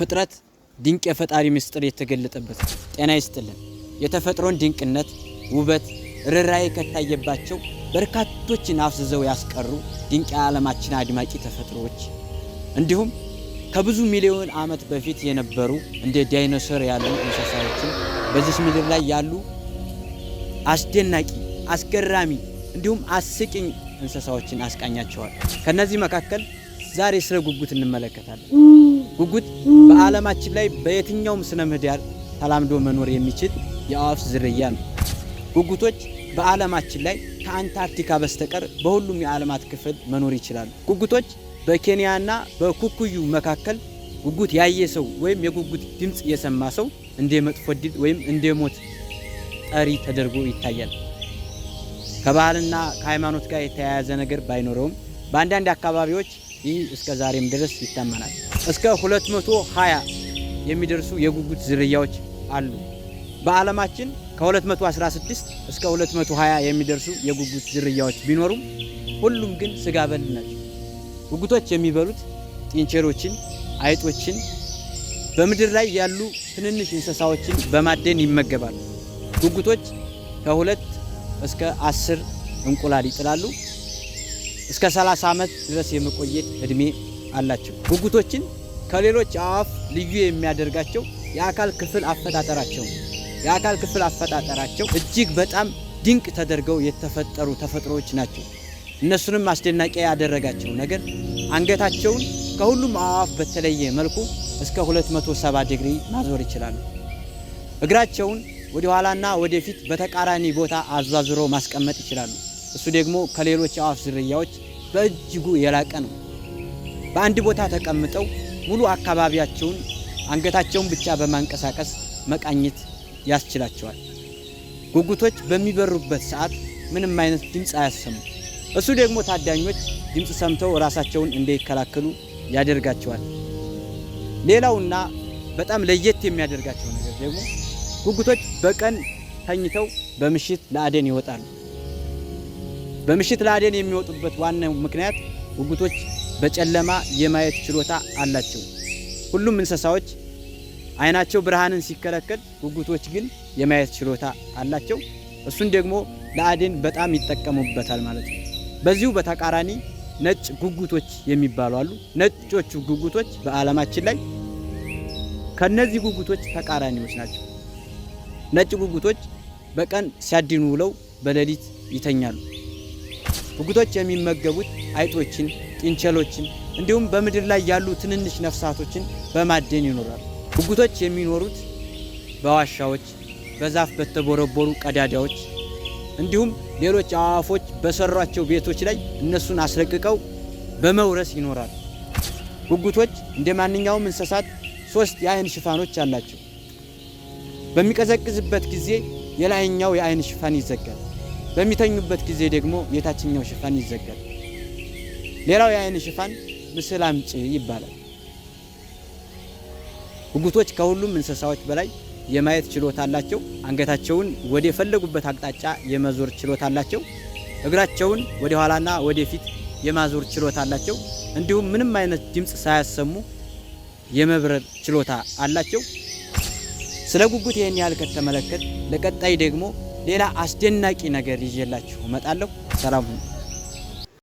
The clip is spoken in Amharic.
ፍጥረት ድንቅ የፈጣሪ ምስጢር የተገለጠበት። ጤና ይስጥልን። የተፈጥሮን ድንቅነት፣ ውበት፣ ርኅራኄ ከታየባቸው በርካቶችን አፍዝዘው ያስቀሩ ድንቅ የዓለማችን አድማቂ ተፈጥሮዎች እንዲሁም ከብዙ ሚሊዮን ዓመት በፊት የነበሩ እንደ ዳይኖሰር ያሉ እንስሳዎችን በዚህ ምድር ላይ ያሉ አስደናቂ፣ አስገራሚ እንዲሁም አስቂኝ እንስሳዎችን አስቃኛቸዋል። ከነዚህ መካከል ዛሬ ስለ ጉጉት እንመለከታለን። ጉጉት በዓለማችን ላይ በየትኛውም ስነ ምህዳር ተላምዶ መኖር የሚችል የአዋፍ ዝርያ ነው። ጉጉቶች በዓለማችን ላይ ከአንታርክቲካ በስተቀር በሁሉም የዓለማት ክፍል መኖር ይችላሉ። ጉጉቶች በኬንያና በኩኩዩ መካከል ጉጉት ያየ ሰው ወይም የጉጉት ድምፅ የሰማ ሰው እንደ መጥፎ ድል ወይም እንደ ሞት ጠሪ ተደርጎ ይታያል። ከባህልና ከሃይማኖት ጋር የተያያዘ ነገር ባይኖረውም በአንዳንድ አካባቢዎች ይህ እስከ ዛሬም ድረስ ይታመናል። እስከ 220 የሚደርሱ የጉጉት ዝርያዎች አሉ። በዓለማችን ከ216 እስከ 220 የሚደርሱ የጉጉት ዝርያዎች ቢኖሩም ሁሉም ግን ስጋ በል ናቸው። ጉጉቶች የሚበሉት ጥንቸሮችን፣ አይጦችን፣ በምድር ላይ ያሉ ትንንሽ እንስሳዎችን በማደን ይመገባሉ። ጉጉቶች ከሁለት እስከ አስር እንቁላል ይጥላሉ። እስከ 30 ዓመት ድረስ የመቆየት እድሜ አላቸው። ጉጉቶችን ከሌሎች አዕዋፍ ልዩ የሚያደርጋቸው የአካል ክፍል አፈጣጠራቸው የአካል ክፍል አፈጣጠራቸው እጅግ በጣም ድንቅ ተደርገው የተፈጠሩ ተፈጥሮዎች ናቸው። እነሱንም አስደናቂ ያደረጋቸው ነገር አንገታቸውን ከሁሉም አዕዋፍ በተለየ መልኩ እስከ 270 ዲግሪ ማዞር ይችላሉ። እግራቸውን ወደ ኋላና ወደፊት በተቃራኒ ቦታ አዟዙሮ ማስቀመጥ ይችላሉ። እሱ ደግሞ ከሌሎች የአዋፍ ዝርያዎች በእጅጉ የላቀ ነው። በአንድ ቦታ ተቀምጠው ሙሉ አካባቢያቸውን አንገታቸውን ብቻ በማንቀሳቀስ መቃኘት ያስችላቸዋል። ጉጉቶች በሚበሩበት ሰዓት ምንም አይነት ድምፅ አያሰሙም። እሱ ደግሞ ታዳኞች ድምፅ ሰምተው ራሳቸውን እንዳይከላከሉ ያደርጋቸዋል። ሌላውና በጣም ለየት የሚያደርጋቸው ነገር ደግሞ ጉጉቶች በቀን ተኝተው በምሽት ለአደን ይወጣሉ። በምሽት ለአደን የሚወጡበት ዋናው ምክንያት ጉጉቶች በጨለማ የማየት ችሎታ አላቸው። ሁሉም እንስሳዎች አይናቸው ብርሃንን ሲከለከል፣ ጉጉቶች ግን የማየት ችሎታ አላቸው። እሱን ደግሞ ለአደን በጣም ይጠቀሙበታል ማለት ነው። በዚሁ በተቃራኒ ነጭ ጉጉቶች የሚባሉ አሉ። ነጮቹ ጉጉቶች በዓለማችን ላይ ከነዚህ ጉጉቶች ተቃራኒዎች ናቸው። ነጭ ጉጉቶች በቀን ሲያድኑ ውለው በሌሊት ይተኛሉ። ጉጉቶች የሚመገቡት አይጦችን፣ ጥንቸሎችን እንዲሁም በምድር ላይ ያሉ ትንንሽ ነፍሳቶችን በማደን ይኖራል። ጉጉቶች የሚኖሩት በዋሻዎች፣ በዛፍ በተቦረቦሩ ቀዳዳዎች እንዲሁም ሌሎች አዕዋፎች በሰሯቸው ቤቶች ላይ እነሱን አስረቅቀው በመውረስ ይኖራል። ጉጉቶች እንደ ማንኛውም እንስሳት ሶስት የአይን ሽፋኖች አላቸው። በሚቀዘቅዝበት ጊዜ የላይኛው የአይን ሽፋን ይዘጋል። በሚተኙበት ጊዜ ደግሞ የታችኛው ሽፋን ይዘጋል። ሌላው የአይን ሽፋን ምስል አምጪ ይባላል። ጉጉቶች ከሁሉም እንስሳዎች በላይ የማየት ችሎታ አላቸው። አንገታቸውን ወደ የፈለጉበት አቅጣጫ የመዞር ችሎታ አላቸው። እግራቸውን ወደ ኋላና ወደፊት የማዞር ችሎታ አላቸው። እንዲሁም ምንም አይነት ድምፅ ሳያሰሙ የመብረር ችሎታ አላቸው። ስለ ጉጉት ይህን ያህል ከተመለከት ለቀጣይ ደግሞ ሌላ አስደናቂ ነገር ይዤላችሁ እመጣለሁ። ሰላም